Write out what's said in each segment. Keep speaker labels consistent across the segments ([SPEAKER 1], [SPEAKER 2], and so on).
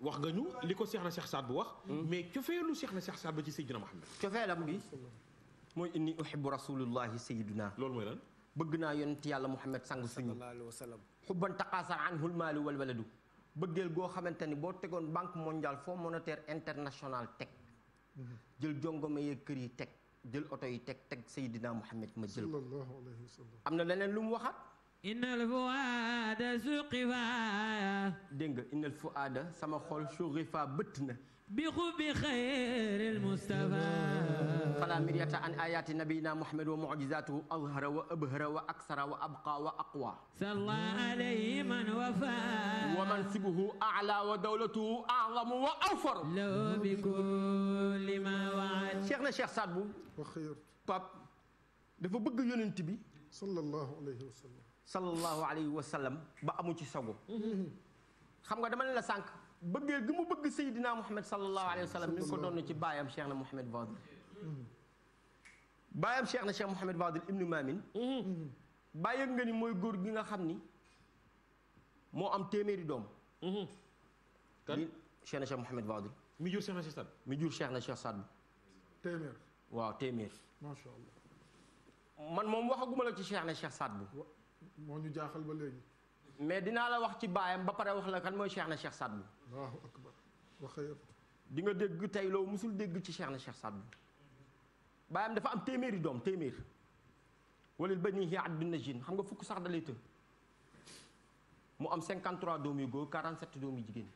[SPEAKER 1] wax nga ñu li ko Seex na Seex Saad bu wax. mais cofeelu Seex na Seex Saad ba ci Seydina Muhammad. cofeelam gi mooy inni uhibbu rasulullahi sayyiduna. loolu mooy lan. bëgg naa yonent yàlla Muhammad sang suñu. xubban taqaasar anhul maalu wal waladu bëggeel goo xamante ni boo tegoon banque mondiale fonds monétaire international teg. jël jongoma yee kër yi teg jël oto yi teg teg Seydina Muhammad ma jël am na leneen lu mu innal fuaada suqifa dégg nga innal fuaada sama xol suqifa bëtt na bi xubbi xayril mustafa fala miryata an ayaati nabiyina muhammad wa mucjizatuhu azhara wa abhara wa aksara wa abqa wa aqwa salla alayhi man wafa wa mansibuhu ala wa dawlatuhu alamu wa awfar law bi kulli ma waad cheikh na cheikh Saad Bou wa xayr pap dafa bëgg yonent bi sallallahu alayhi wa sallam sallallahu alayhi wa sallam ba amu ci sago xam nga dama leen la sànq bëggee gi mu bëgg Seydina Mouhamed sallallahu alayhi wa sallam mi ngi ko doon ci baayam Cheikh na Mouhamed Fadil baayam Cheikh na Cheikh Mouhamed Fadil ibnu Mamin bàyyëg nga ni mooy góor gi nga xam ni moo am téeméeri doom kan Cheikh na Cheikh Mouhamed Fadil mi jur Cheikh na Cheikh Saad mi jur Cheikh na Cheikh Saad téeméer waaw téeméer macha allah man moom waxaguma la ci Cheikh na Cheikh Saad bu moo ñu jaaxal ba léegi. mais dinaa la wax ci baayam ba pare wax la kan mooy Cheikh na Cheikh Saad Bou. waaw akbar waxee di nga dégg tey loo musul dégg ci Cheikh na Cheikh Saad Bou baayam dafa am téeméeri doom téeméer xam nga fukk sax da am 53 doom yu góor doom yu jigéen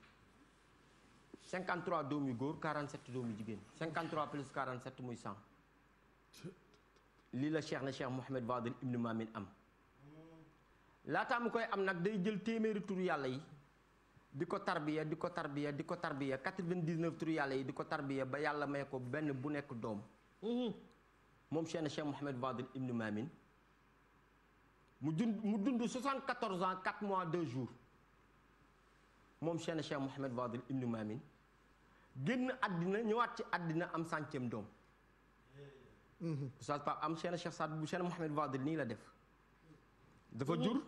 [SPEAKER 1] 53 doom yu góor 47 doom yu jigéen 53 plus 47 muy 100 la Cheikh na Cheikh Mouhamed Fadel ibnu Mamin am. laataa mu koy am nag day jël téeméeri tur yàlla yi di ko tarbiya di ko tarbiya di ko tarbiya 99 tur yàlla yi di ko tarbiya ba yàlla may ko benn bu nekk doom mhm. moom Cheikh na Cheikh Mouhamed Fadil Ibn Mamin mu dund mu dund 74 ans mois 2 jours moom Cheikh na Cheikh Mouhamed Fadil Ibn Mamin génn àddina ñëwaat ci àddina am centième doom. Mhm. oustaz Pape am Cheikh na Cheikh Saad bu Cheikh na Mouhamed Fadil nii la def. dafa jur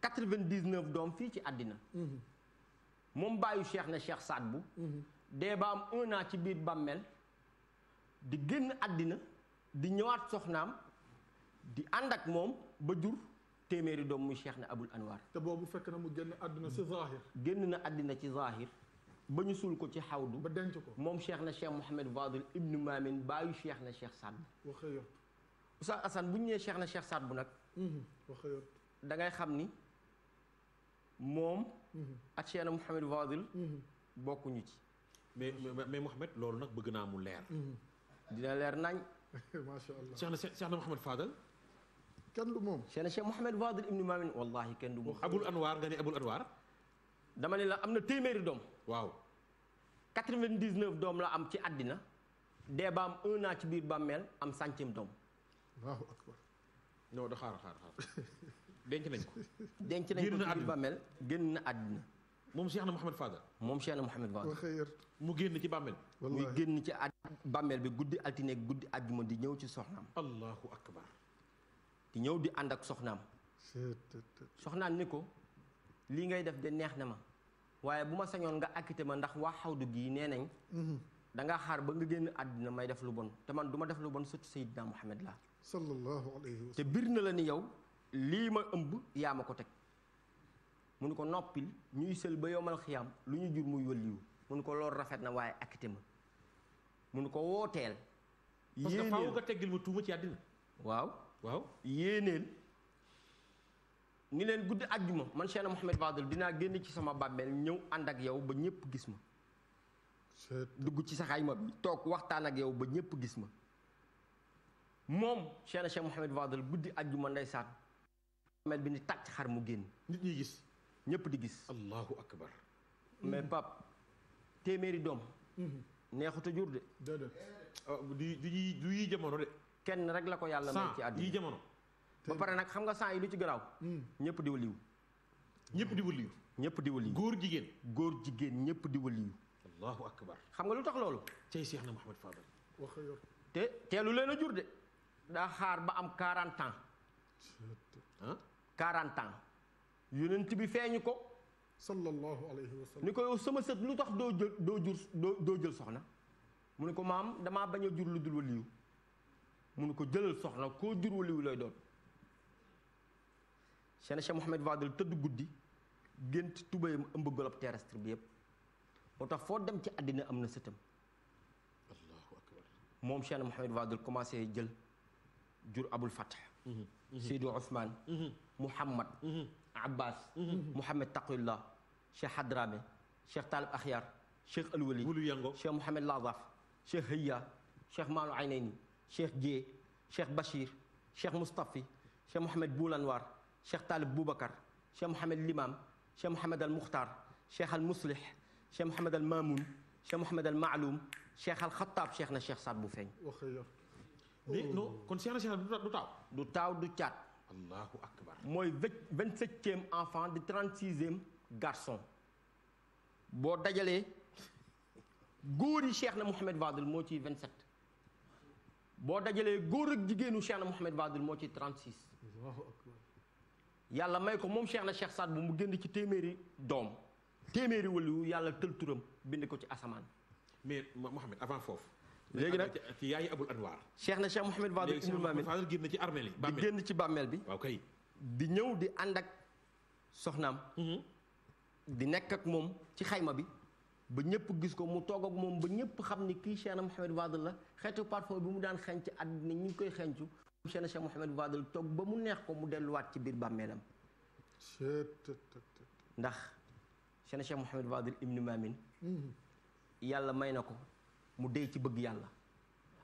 [SPEAKER 1] quatre-vingt-dix-neuf doom fii ci àddina moom bàyyu Cheikh na Cheikh Saad bu dee ba am un an ci biir bàmmeel di génn àddina di ñëwaat soxnaam di ànd ak moom ba jur téeméeri doom muy Cheikh na Abul Anwar te boobu fekk na mu génn àddina ci zahir génn na àddina ci zahir ba ñu suul ko ci xawdu ba denc ko moom Cheikh na Cheikh Mouhamed Vadul ibnu Mamin bàyyu Cheikh na Cheikh Saad bu waxa yo bu ñu nee Cheikh na Cheikh Saad bu nag Mm-hmm. da ngay xam ni moom. Mm-hmm. ak Cheikh Mouhamed Fadil. Mm-hmm. bokkuñu ci. mais mais Mouhamed loolu nag bëgg naa mu leer. dina leer nañ. macha allah Cheikh na Cheikh na Mouhamed Fadal. kenn du moom. Cheikh na Cheikh Fadil ibnu Maamin wallaahi kenn du moom. Abul Anwar nga ne Abul Anwar. dama ne la am na téeméeri doom. waaw. doom la am ci àddina. dee ba am un an ci biir bàmmeel am centième doom. non da xaar xaar xaar denc nañ ko. denc nañ ko ci biir bàmmeel génn na àddina moom Cheikh na Mouhamed Fadal. moom Cheikh na Mouhamed Fadal. mu génn ci bàmmeel. muy génn ci at bàmmeel bi guddi altine guddi àjjuma di ñëw ci soxnaam. allahu akbar. di ñëw di ànd ak soxnaam. soxnaam ni ko lii ngay def de neex na ma waaye bu ma sañoon nga acquitté ma ndax waa xawdu gii nee nañ. Mhm. da nga xaar ba nga génn àddina may def lu bon te man du ma def lu bon surtout Seydina Mouhamed la sallallahu alayhi te biir na la ni yow lii ma ëmb yaa ma ko teg mu ni ko noppil ñuy sël ba yowmal xiyaam lu ñu jur muy wëlliwu mu ni ko loolu rafet na waaye acte ma mu ni ko wooteel parce que faaw nga teggil ci àddina waaw waaw yéeneel ni leen guddi àjjuma man Cheikh Mouhamed Fadel dinaa génn ci sama bàmmeel ñëw ànd ak yow ba ñépp gis ma dugg ci saxaay ma bi toog waxtaan ak yow ba ñépp gis ma moom Cheikh Cheikh Mouhamed Fadel guddi àjjuma ndeysaan Mouhamed bi ni tàcc xar mu génn nit ñi gis ñépp di gis allahu akbar mais pap téeméeri doom mhm. neexut a jur de ah, du du du yi jamono de kenn rek la ko yàlla may ci àdduna yi jamono ba pare nag xam nga sant yi lu ci garaaw mm. ñépp di waliw ñépp di waliw ñépp di waliw góor jigéen góor jigéen ñépp di waliw allahu akbar xam nga lu tax loolu cey Cheikh te teelu leen a jur de daa xaar ba am 40 ans ah 40 ans yonent bi feeñu ko sallallahu alayhi wa ni ko yow sama sët lu tax doo jël doo jur doo jël soxna mu ne ko maam damaa bañ a jur lu dul waliyu mu ne ko jëlal soxna koo jur liw lay doon Cheikh Cheikh Mouhamed Vadel tëdd guddi gént tubéyam ëmb golob terrestre bi yëpp moo tax foo dem ci àddina am na sëtam moom Cheikh Mouhamed Vadel commencé jël jur abul fath mm-hmm. mm-hmm. seydi ousmane mm-hmm. mouhammad abbas mouhammad taqiyullah cheikh hadrame cheikh talib akhyar cheikh alwali wulu yango cheikh mouhammad lazaf cheikh hëya cheikh maalu aynayni cheikh jee cheikh bachir cheikh moustaphi cheikh mouhammad boulanwar cheikh talib boubacar cheikh mouhammad limam cheikh mouhammad al mukhtar cheikh al muslih cheikh mouhammad al mamoun cheikh mouhammad al maalum cheikh al xataab cheikh na cheikh saad bu feeñ mais mm. kon Cheikhna du taaw. du taaw du caat. allahu akbar. mooy vingt septième enfant di trente sixième garson boo dajalee góor yi Cheikhna Mouhamed Fadel moo ciy vingt sept boo dajalee góor ak jigéenu Cheikhna Mouhamed Fadel moo ci trente six. yàlla may ko moom Cheikhna Cheikh Saad bu mu génn ci téeméeri doom téeméeri waliyu yàlla tël turam bind ko ci asamaan. mais Mouhamed avant foofu. léegi nag ci yaay Abul Anwar. Cheikh na Cheikh Mouhamed Fadel Ibnul Mamin génn ci armeel yi di génn ci bàmmeel bi. waaw kay di ñëw di ànd ak soxnaam. Mm-hmm. di nekk ak moom ci xayma bi. ba ñëpp gis ko mu toog ak moom ba ñëpp xam ni kii Cheikh na Mouhamed Fadel la xeetu parfum bi mu daan xenc àddina ñu ngi koy xencu. Cheikh na Cheikh Mouhamed Fadel toog ba mu neex ko mu delluwaat ci biir bàmmeelam. ndax Cheikh na Cheikh Mouhamed Fadel Ibnul Mamin. yàlla may na ko. mu dee ci bëgg yàlla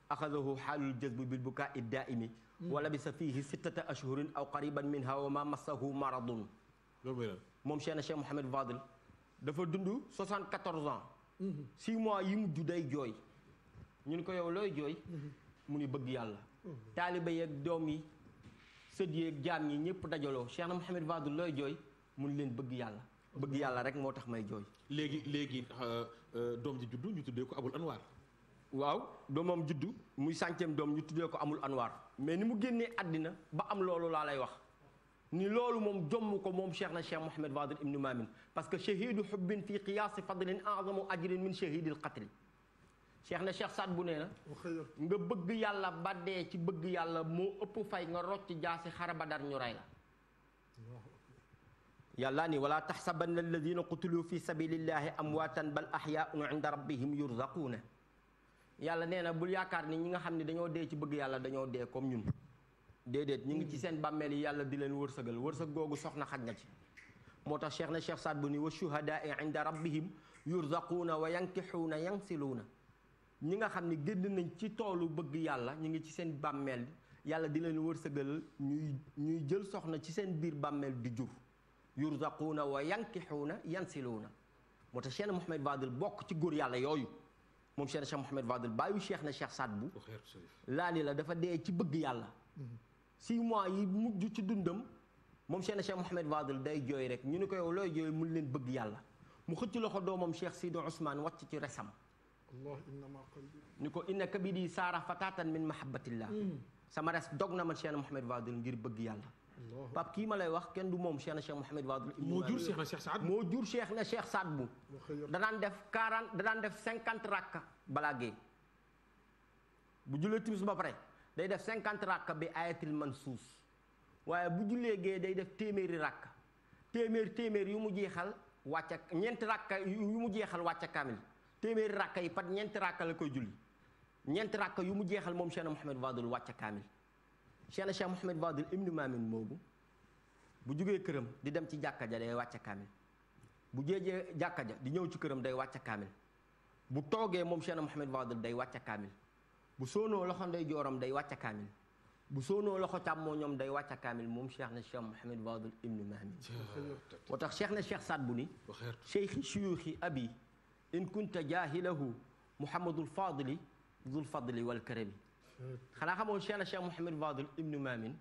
[SPEAKER 1] axadahu xaalul jazb bil bukaa i daaimi wala bi sa fiihi sittata ashhurin aw qariban min ha wa ma massahu maradun moom Cheikhna Cheikh Mouhamed Fadel dafa dund soixante-quatorze ans mhm. six mois yi mu day jooy ñun ko yow looy jooy mhm. mu ni bëgg yàlla mhm. taaliba yeeg doom yi sët yeeg jaam yi ñëpp dajaloo Cheikhna Mouhamed Fadel mu ni leen bëgg yàlla bëgg yàlla rek moo tax may jooy léegi léegi euh, euh, doom ji juddu ñu tuddee ko Abul Anwar waaw doomam juddu muy cinquième doom ñu tuddee ko amul anwaar mais ni mu génnee àddina ba am loolu laa lay wax ni loolu moom jomm ko moom cheikh na cheikh Mouhamed Fadil ibnu Mamin parce que shahidu xubbin fi qiyaasi fadlin azamu ajrin min shahidil qatli na cheikh Saad bu nee na nga bëgg yàlla ba dee ci bëgg yàlla mu ëpp fay nga rocc jaasi xare ba dar ñu rey la yàlla ni wala taxsabanna alladina qutilu fi sabilillahi amwaatan bal axyaun inda rabbihim yurzaquuna yàlla nee na bul yaakaar ni ñi nga xam ne dañoo dee ci bëgg yàlla dañoo dee comme ñun déedéet ñu ngi ci seen bàmmeel yi yàlla di leen wërsëgal wërsëg googu soxna xaj na ci moo tax cheikh na cheikh saad bu ni wa shuhadaai inda rabbihim yurzaquuna wa yankixuuna yansiluuna ñi nga xam ne génn nañ ci toolu bëgg yàlla ñu ngi ci seen bàmmeel yàlla di leen wërsëgal ñuy ñuy jël soxna ci seen biir bàmmeel di jur yurzaquuna wa yankixuuna na moo tax cheikh na Mouhamed bokk ci góor yàlla yooyu moom Cheikh Cheikh Mouhamed Vadel baayu Cheikh na Cheikh Saad Bou laa ni la dafa dee ci bëgg yàlla mhm. six mois yi mujj ci dundam moom Cheikh na Cheikh Mouhamed Vadel day jooy rek ñu ni ko yow looy jooy mun leen bëgg yàlla mu xëcc loxo doomam Cheikh Sidi Ousmane wàcc ci resam ni ko inna kabidi saara fatatan min mahabbatillah mhm. sama res dog na man Cheikh na Mouhamed Vadel ngir bëgg yàlla Pape kii ma lay wax kenn du moom Cheikh na Cheikh Mouhamed Wadul. moo jur Cheikh na Cheikh Saad na Cheikh Saad bu. danaan def quarante danaan def cinquante rakka balaa géey bu jullee timis ba pare day def cinquante rakka bi ayatil mansuus waaye bu jullee gee day def téeméeri rakka téeméer téeméer yu mu jeexal wàcca ñeenti rakka yu mu jeexal wàcca kaamil téeméeri rakka yi pat ñeenti rakka la koy julli ñeenti rakka yu mu jeexal moom Cheikh na Mouhamed Wadul wàcca kaamil. Cheikh na Cheikh Mouhamed Fadil ibnu Maamin bu jugee këram di dem ci jàkka ja day wàcce kaamil bu jeejee jàkka ja di ñëw ci këram day wàcce kaamil bu toogee moom Cheikh na Mouhamed Fadil day wàcce kaamil bu soonoo loxo ndey jooram day wàcce kaamil bu soonoo loxo càmmoo ñoom day wàcce kaamil moom Cheikh na Cheikh Mouhamed Fadil ibnu Maamin moo tax Cheikh na Cheikh Saad bu ni cheikhi suyuuxi abi in kunta jaahilahu Mouhamadul Fadili dul fadli wal karami xanaa xamoo Cheikh Cheikh Mouhamed Fadel ibnu Mamin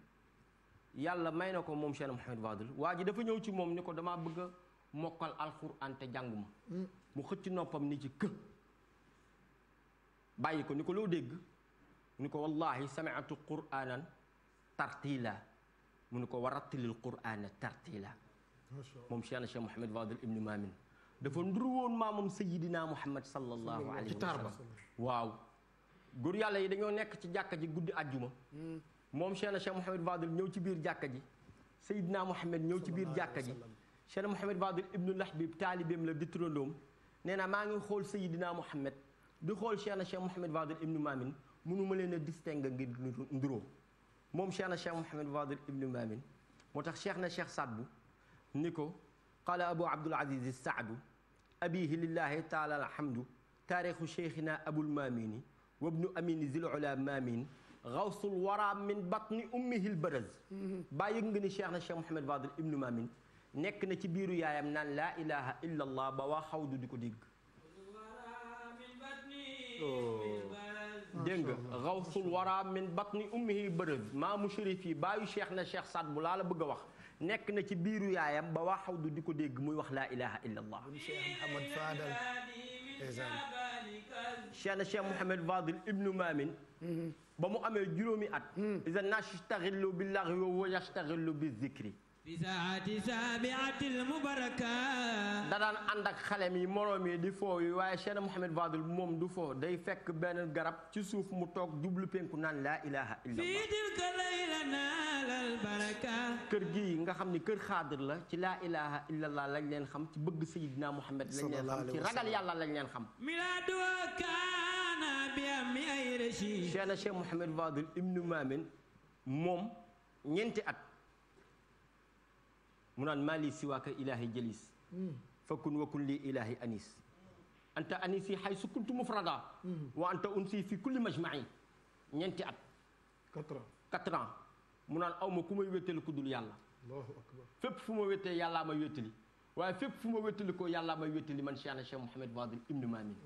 [SPEAKER 1] yàlla may ko moom Cheikh Mouhamed Fadel waa ji dafa ñëw ci moom ni ko damaa bëgg a mokkal alxuraan te jànguma mu xëcc noppam ni ci kë bàyyi ko ni ko loo dégg mu ni ko wallahi sami'tu qur'aanan tartiila mu ni ko wa rattilil qur'aana tartiila moom Cheikh Cheikh Mouhamed Fadel ibnu Mamin dafa ndur woon maamam sayidina Muhammad sallallahu alayhi wa sallam waaw góor yàlla yi dañoo nekk ci jàkka ji guddi àjjuma hmm. moom Cheikh na Cheikh Mouhamed Fadil ñëw ci biir jàkka ji Seydina Mouhamed ñëw ci biir jàkka ji Cheikh na Mouhamed Fadil ibnu Lahbib taalibeem la di turandoom nee na maa ngi xool Seydina Mouhamed di xool Cheikh na Cheikh Mouhamed Fadil ibnu Mamin mënuma leen a distingue ngir nduróo moom Cheikh na Cheikh Mouhamed Fadil ibnu Mamin moo tax Cheikh na Cheikh Sadbu ni ko qaala Abu Abdul Aziz Saadu abihi lillahi taala alhamdu wabnu amini zil ula maamin xawsul wara min batni ummihil baraz baa yëg nga ni cheikh na cheikh Mouhamed Fadel ibnu maamin nekk na ci biiru yaayam naan laa ilaha illa allah ba waa xawdu di ko dégg oh. dégg nga xawsul wara min batni ummihi bërëb maamu shérif yi baayu cheikh na cheikh Saad bu laa la bëgg a wax nekk na ci biiru yaayam ba waa xawdu di ko dégg muy wax laa ilaha illa allah cheikh Mouhamed Fadel cheikh na cheikh Mouhamed Fadil ibnu Maamin mm-hmm. ba mu amee juróomi at mm-hmm. isa nastaxillu billahi wa yastaxillu bi zikri da daan ànd ak xalem yi moroom yi di foo yi waaye Cheikh Mouhamed Fadel moom du foo day fekk benn garab ci suuf mu toog jublu penku naan laa ilaha illallah kër gii nga xam ni kër xaadir la ci laa ilaha illallah lañ leen xam ci bëgg Seydina Mouhamed lañ leen xam ci ragal yàlla lañ leen xam Cheikh na Cheikh Mouhamed Fadel ibnu Maamin moom ñeenti at mu naan maa lii siwaaka ilaahi jëlis hmm. fakun wakun lii ilaahi anis anta anisi xay su kuntu mufrada hmm. wa anta unsi fi kulli majma'i ñeenti at quatre ans quatre ans mu naan aw ma ku may wéttali ku dul yàlla allahu akbar fépp fu ma wéttee yàllaa may wéttali waaye fépp fu ma wéttali ko yàllaa may wéttali man Cheikhna Cheikh Mouhamed Fadil ibnu Mamin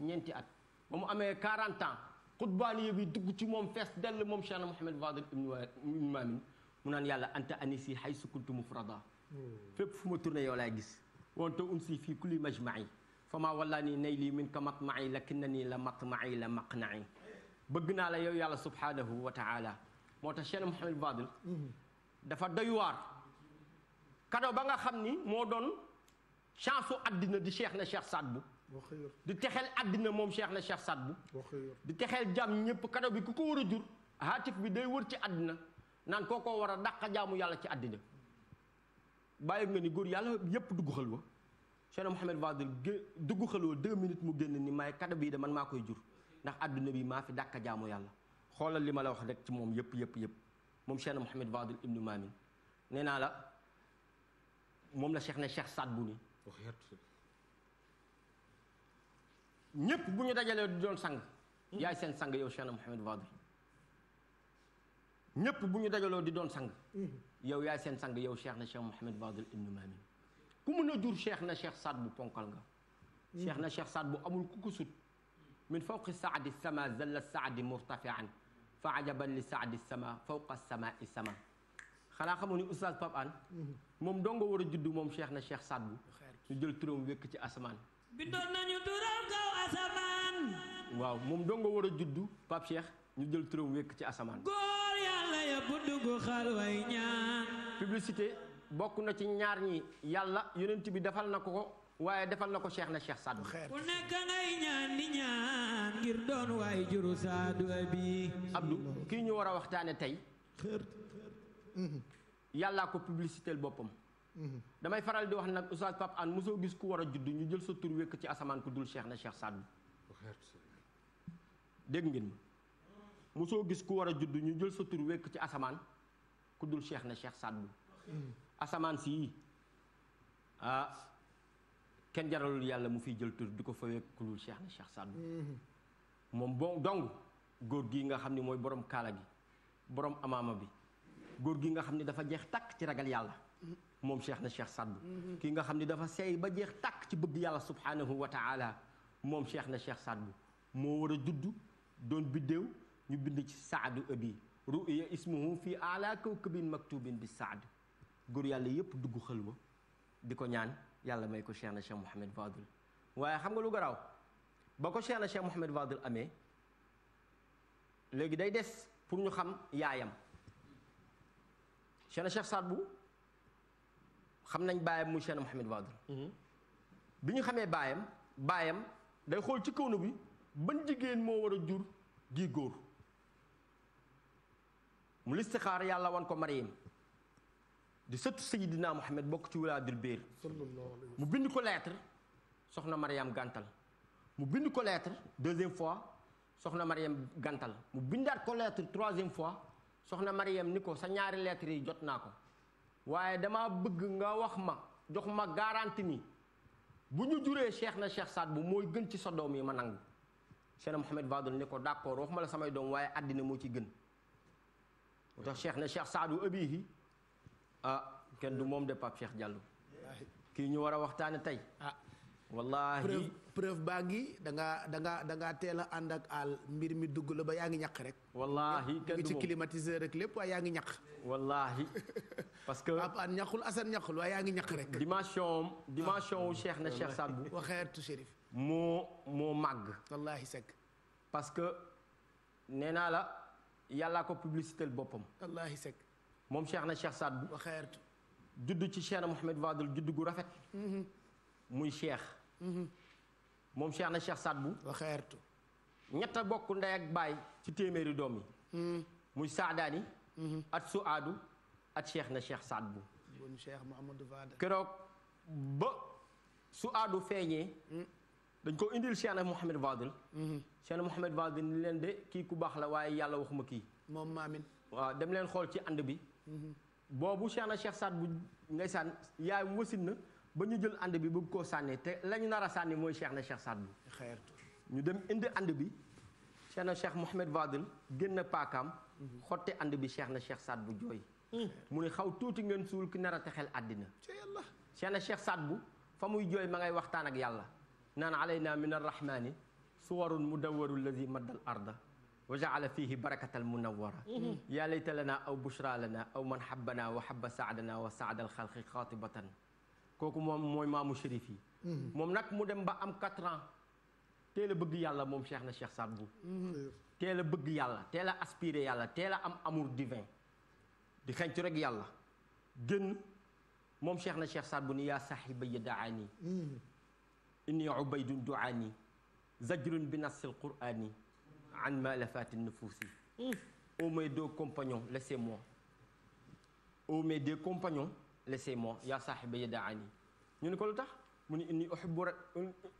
[SPEAKER 1] ñeenti at ba mu amee quarante ans xutbaani bi dugg ci moom fees dell moom Cheikhna Mouhamed Fadil ibnu Mamin mu naan yàlla anta anisi xay su kuntu mufrada Hmm. fépp fu ma tourné yow laay gis wonte unsi fii kulli majma'i fa maa wallaa nii nay lii min ka mat nii la mat ma'i la maq na'i bëgg naa la yow yàlla subhanahu wa taala moo tax Cheikh Mouhamed Fadel hmm. dafa doy ba nga xam ni moo doon chance u di cheikh na cheikh Saad Bou di texeel àddina moom cheikh na cheikh Saad Bou di texeel jàmm ñëpp kado bi ku ko war a jur haatif bi day wër ci àddina naan kookoo war a daq jaamu yàlla ci àddina bàyyi nga ni góor yàlla yépp dugg xalwa Cheikh Mouhamed Fadil dugg xalwa deux minutes mu génn ni may kàddu bii de man maa koy jur ndax àdduna bi maa fi dàkka jaamu yàlla xoolal li ma la wax rek ci moom yëpp yëpp yëpp moom Cheikh Mouhamed Fadil ibnu Mamin nee naa la moom la Cheikh ne Cheikh Saad bu ni ñëpp bu ñu dajalee du doon sang yaay seen sang yow Cheikh Mouhamed Fadil ñépp bu ñu dajaloo di doon sang mm-hmm. yow yaay seen sang yow cheikh na cheikh Mouhamed Fadel ibnu Mamin ku mun a jur cheikh na cheikh Saad bu ponkal nga mm-hmm. cheikh na cheikh Saad bu amul ku ko sut min fawqi saadi sama zalla saadi murtafian fa ajaban li saadi sama fawqa samaai sama xanaa xamoo ni oustaz Pape Hann mm-hmm. moom doo nga war a judd moom cheikh na cheikh Saad bu ñu jël turam wékk ci asamaan bindoon moom doo war a judd Pape ñu jël turam wékk ci asamaan yàlla ya bu dugg xal way ñaan publicité bokk na ci ñaar ñi yàlla yonent bi defal na ko ko waaye defal na ko cheikh na cheikh Sadou. ku nekk ngay ñaan di ñaan ngir doon waaye juru Sadou bi Abdou kii ñu war a waxtaane tey mhm. yàllaa ko publicité boppam mhm. damay faral di wax nag oustaz Pape an musoo gis ku war a judd ñu jël sa tur wékk ci asamaan ku dul seex na cheikh Sadou dégg ngeen mosoo gis ku war a judd ñu jël sa tur wekk ci asamaan ku dul cheikh na cheikh Saad Bou asamaan si ah kenn jaralul yàlla mu fi jël tur di ko fa wekk ku dul cheikh na cheikh Saad Bou moom bon dong góor gi nga xam ne mooy borom kaala gi borom amaama bi góor gi nga xam ne dafa jeex tàkk ci ragal yàlla moom cheikh na cheikh Saad kii nga xam ne dafa seey ba jeex tàkk ci bëgg yàlla subhanahu wa taala moom cheikh na cheikh Saad moo war a juddu doon biddéew ñu bind ci saadu abi ruya ismuhu fii ala kawkabin maktubin bi saad góor yàlla yépp dugg xëlwa di ko ñaan yàlla may ko Cheikhna Cheikh Mouhamed Fadel waaye xam nga lu garaaw ba ko Cheikhna Cheikh Mouhamed Fadel amee léegi day des pour ñu xam yaayam Cheikhna Cheikh Saad Bou xam nañ baayam muy Cheikhna Mouhamed Fadel mhm. bi ñu xamee baayam baayam day xool ci kaw na bi ban jigéen moo war a jur gi góor mu listixaar yàlla wan ko Mariam di sëtu Seydina Muhammad bokk ci wulaadul biir mu bind ko lettre soxna Mariam gàntal mu bind ko lettre fois soxna Mariam gàntal mu bindaat ko lettre troisième fois soxna Mariam ni ko sa ñaari lettre yi jot naa ko waaye dama bëgg nga wax ma jox ma garanti ni bu ñu juree cheikh na cheikh Saad bu mooy gën ci sa doom yi ma nangu Cheikh na Mouhamed Vadul ni ko d'accord wax ma la samay doom waaye àddina moo ci gën moo tax cheikh ne cheikh saadu abihi ah kenn du moom de Pape Cheikh Diallo kii ñu war a waxtaane tey ah. wallaahi preuve preuve baa ngi da ngaa da ngaa teel a ànd ak àll mbir mi dugg la ba yaa ngi ñaq rek. wallaahi kenn du ci rek lépp waaye yaa ngi ñaq. wallaahi parce que. Pape Hann ñaqul Assane ñaqul waaye yaa ngi ñaq rek. dimension dimension wu Cheikh na Cheikh ah. Sadbou. wa xeertu Chérif. moo moo màgg. parce que nee naa la. yàllaa ko publicité boppam. wallaahi sekk. moom Cheikh na Cheikh Saad Bou. waxeertu judd ci Cheikh na Mouhamed Vadul judd gu rafet. Mm-hmm. muy Cheikh. Mm-hmm. moom Cheikh na Cheikh Saad Bou. ñett a bokk ndey ak baay ci téeméeri doom yi. Mm-hmm. muy Saadaani. at su adu at Cheikh na Cheikh Saad Bou. bon ba su aadu feeñee. Mm. dañ koo indil Cheikh Mouhamed Vadil mhm. Cheikh Mouhamed Vadil ni leen de kii ku baax la waaye yàlla waxuma kii moom maamin waaw dem leen xool ci ànd bi mhm. boobu Cheikh na Cheikh Saad bu ngay sànn yaay mu wasin na ba ñu jël ànd bi bëgg koo sànni te lañu nar a sànni mooy Cheikh na Cheikh Saad bu ñu dem indi ànd bi Cheikh na Cheikh Mouhamed Vadil génn paakaam mhm. xotte ànd bi Cheikh na Cheikh Saad bu jooy mu ne xaw tuuti ngeen suul ki nar a texel àddina Cheikh na Cheikh Saad bu fa muy jooy ma ngay waxtaan ak yàlla naan alayna min arrahmani suwarun mudawwaru allazi maddal arda wa jaala fihi barakatal munawwara mhm. ya layta lana aw bushra lana aw man habbana wa habba saadana wa saadal xalqi xaatibatan kooku moom mooy maamu shérif yi mhm. moom nag mu dem ba am quatre ans teel a bëgg yàlla moom cheikh na cheikh Saad Bou mhm. teel a bëgg yàlla teel a aspiré yàlla teel a am amour divin di xencu rek yàlla génn moom cheikh na cheikh Saad Bou ni yaa sahiba yadaani inni ubaydun duaani zajrun bi nassil qurani an malafati nufuusi ô mes deux compagnons laissez-moi ô mes deux compagnons laissez-moi yaa saaxiba yadaani ñu ne ko lu tax mu ni inni uhibbu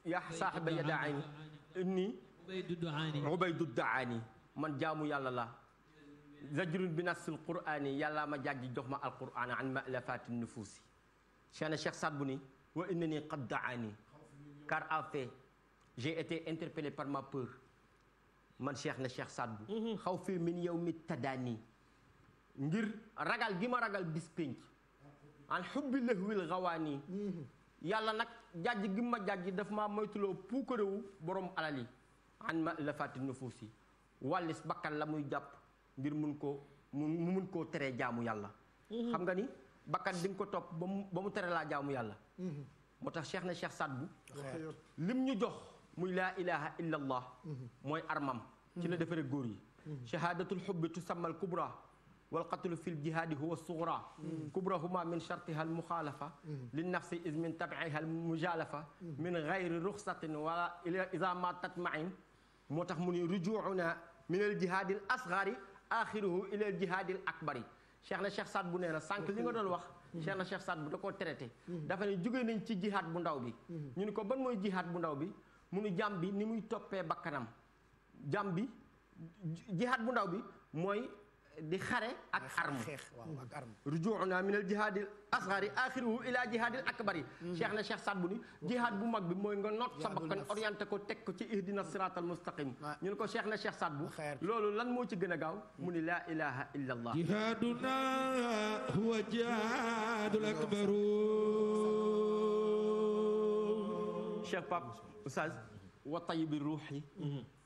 [SPEAKER 1] yaa saaxiba yadaani inni ubaydu daani man jaamu yàlla la zajrun bi nassil qurani yàllaa ma jàggi jox ma alquran an malafati nufuusi Cheikh Saad bu ni wa innani qad daani car en fait j'ai été par ma peur man Cheikh na Cheikh Sadbou mhm. xaw fii min yow mi tadaani ngir ragal gi ma ragal bis pénc an xubbi lëhwil xawaani mhm. yàlla nag jàjj gi ma jàjj daf maa moytuloo puukarewu borom alal yi an ma la fàtti bakkan la muy jàpp ngir mun ko mu mun koo teree jaamu yàlla mhm. xam nga ni bakkan di nga ko topp mu ba mu tere laa jaamu yàlla moo tax Cheikh na Cheikh Sadbu lim ñu jox muy laa ilaha illa allah mooy armam ci la defaree góor yi shahadatul xubbi tusammal kubra walqatlu fi ljihaadi huwa sugra kubrahuma min chartiha almuxaalafa li nafsi is min tabiiha almujalafa min gayri ruxsatin wala ida ma tatmain moo tax mu ni rujuuna min aljihaadi al asgari axiruhu ila aljihaadi al akbari cheikh na cheikh Saad bu nee na sànq li nga doon wax Cheikh na Cheikh Saad bu da koo mhm. dafa ne jóge nañ ci jihaat bu ndaw bi mhm. ñu ne ko ban mooy jihaat bu ndaw bi mu nu jàmm bi ni muy toppee bakkanam jàmm bi jihaat bu ndaw bi mooy di xare ak arme ak arme mhm. rujuuna min al jihaadil asgari axiruhu ila jihaadil akbari cheikh na cheikh Saad bu ni jihaad bu mag bi mooy nga noot sa bakkan orienté ko teg ko ci ihdina siraatal mustaqim ñu ne ko cheikh na cheikh Saad bu loolu lan moo ci gën a gaaw mu ni laa ilaha illa هو الجهاد الأكبر Cheikh Pape Oustaz wa tayyibi ruuhi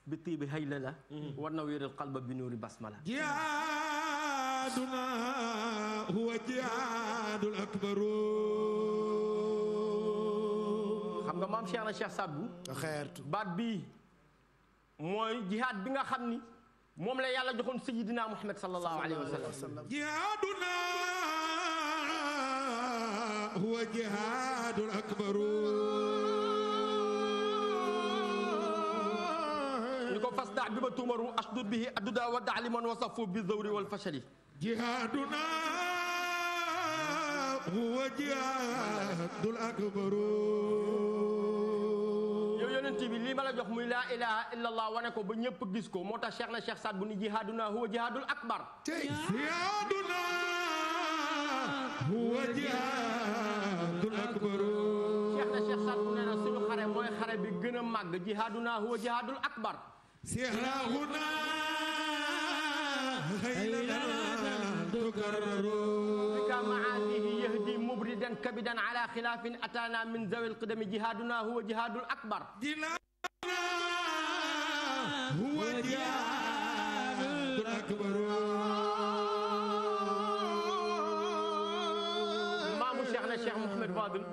[SPEAKER 1] bi tiibi haylala wa nawwiril qalba bi nuuri basmala jihaaduna huwa jihaadul akbar xam nga maam Cheikh na Cheikh Sadbu xeertu baat bii mooy jihaad bi nga xam ni moom la yàlla joxoon sayyidina Muhammad sallallahu alayhi wa sallam jihaaduna huwa jihaadul akbar ñu ko fasda bi ma tuumaru asdud bihi adduda wa daaliman wa safu bi zawri wal fashali jihaaduna huwa jihaadul akbar bi lii ma la jox muy laa ilaha illa allah wane ko ba ñëpp gis ko moo tax cheikh na cheikh Saad bu ni jihaaduna huwa jihaadul akbar jihaaduna huwa jihaadul akbar cheikh na cheikh Saad bu nee na suñu xare mooy xare bi gën a màgg jihaaduna huwa jihaadul akbar sirahuna hayla tukararu جهدا كبدا على خلاف أتانا من ذوي القدم جهادنا هو جهاد الأكبر جهادنا هو جهاد الأكبر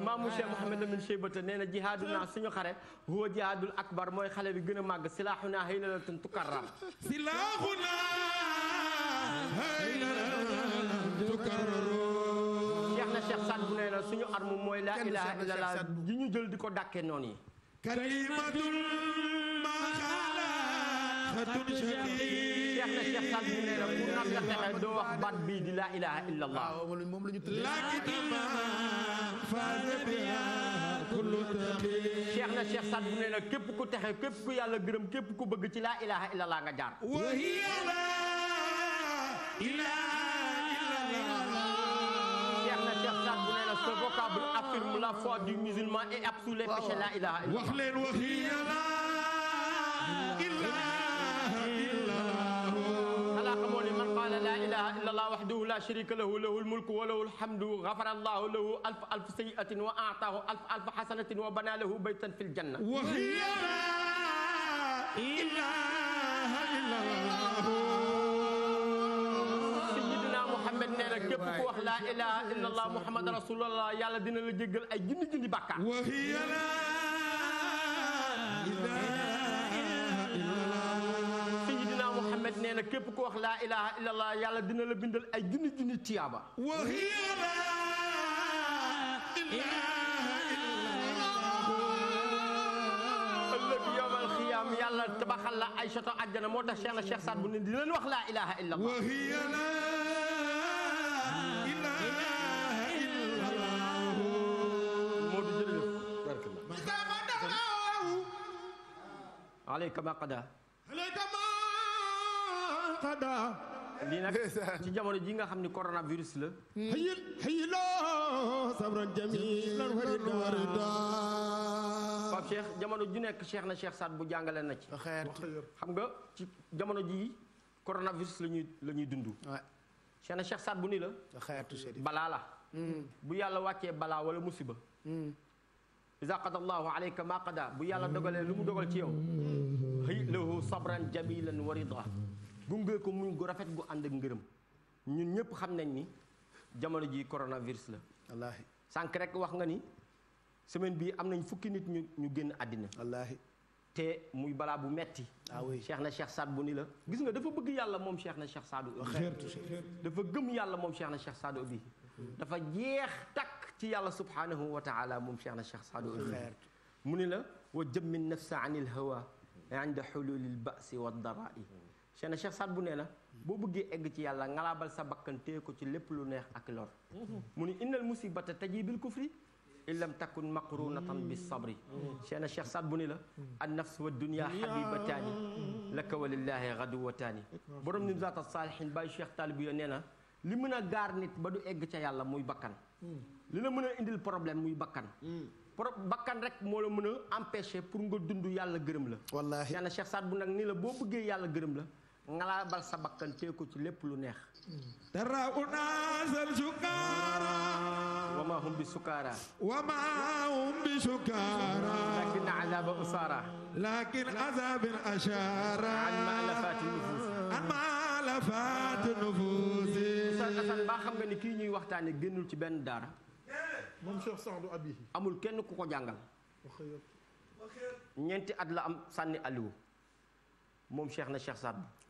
[SPEAKER 1] maamu Cheikh na Cheikh Mouhamed Fadel maamu Cheikh Mouhamed Lamine Cheybata nee na jihaaduna suñu xare huwa jihaadul akbar mooy xale bi gën a màgg silaaxuna haylalatan tukarram silaaxuna haylalatan tukarram nee na suñu arme mooy laa ilaha illallah ji ñu jël di ko dàkkee noonu yi kalimatul maxalaxatun cheikh na cheikh Saad Bou nee na pour nan nga texe doo wax baat bii di laa ilaha illallah moom la ñu tudd cheikh na cheikh Saad Bou nee na képp ku texe képp ku yàlla gërëm képp ku bëgg ci laa ilaha illallah nga jaar irrévocable affirme la foi du musulman et absout les péchés la ilaha illallah wax leen wax yi qaala laa ilaha illa allah waxdahu la sharika lahu lahu lmulku wa lahu lhamdu gafara allahu lahu alf alf sayyi'atin wa a'taahu alf alf xasanatin wa banaa lahu baytan fi ljanna wa hiya laa ilaha illa allah nee na képp ku wax laa ilaha illa allah muhammad rasulullah yàlla dina la jéggal ay junni junni bàkkaar sayidina muhammad nee na képp ku wax laa ilaha illa allah yàlla dina la bindal ay junni junni tiyaaba am yàlla tabaxal la ay soto àjjana moo tax Cheikh Saad bu ne di leen wax laa ilaaha illallah alayka ma lii nag ci jamono ji nga xam ni coronavirus la hayil hayilo sabran jamilan warida Pape Cheikh jamono ju nekk Cheikh na Cheikh Saad bu jàngale na ci xam nga ci jamono ji coronavirus lañuy la ñuy dund Cheikh na Cheikh Saad bu ni la balaa la mm. bu yàlla wàccee balaa wala musiba mm. iza qada allahu alayka ma qada bu yàlla dogalee lu mu dogal ci yow xëy lahu sabran jamilan wa rida gungee ko muñ gu rafet gu ànd ak ngërëm ñun ñëpp xam nañ ni jamono ji coronavirus la wallaahi sànq rek wax nga ni semaine bii am nañ fukki nit ñu ñu génn àddina wallaahi te muy balaa bu metti ah oui na Cheikh Saad bu ni la gis nga dafa bëgg yàlla moom Cheikh na Cheikh Saadu dafa gëm yàlla moom Cheikh na Cheikh Saadu bi dafa jeex takk ci yàlla subhaanahu wa taala moom cheikh na cheikh saadu ulxeer mu ni la wa jëmmin nafsa an il hawa inda xululil basi wa darai cheikh na cheikh saad bu nee na boo bëggee egg ci yàlla ngalaabal sa bakkan téye ko ci lépp lu neex ak lor mu ni innal musibata taji bil kufri illam takun maqrunatan bi sabri cheikh na cheikh saad bu ni la an nafs wa dunia habibataani laka wa lillahi gaduwataani borom ni zaata saalihin bàyyi cheikh taalibu yo nee na li mën a gaar nit ba du egg ca yàlla muy bakkan li la mën a indil problème muy bakkan. Hmm. bakkan rek moo la mën a empêcher pour nga dund yàlla gërëm la. wallaahi yàlla Cheikh Saad bu nag nii la boo bëggee yàlla gërëm la. ngalaa bal sa bakkan tee ci lépp lu neex. dara unaasal sukaara. wama hum bi sukaara. wama bi sukaara. lakin azaba usaara. lakin azabin ashaara. an maa la faati nufus. an maa la baa xam nga ni kii ñuy waxtaane génnul ci benn daara. moom Cheikh amul kenn ku ko jàngal. ñeenti at la am sànni Aliou moom Cheikh na Cheikh Saad.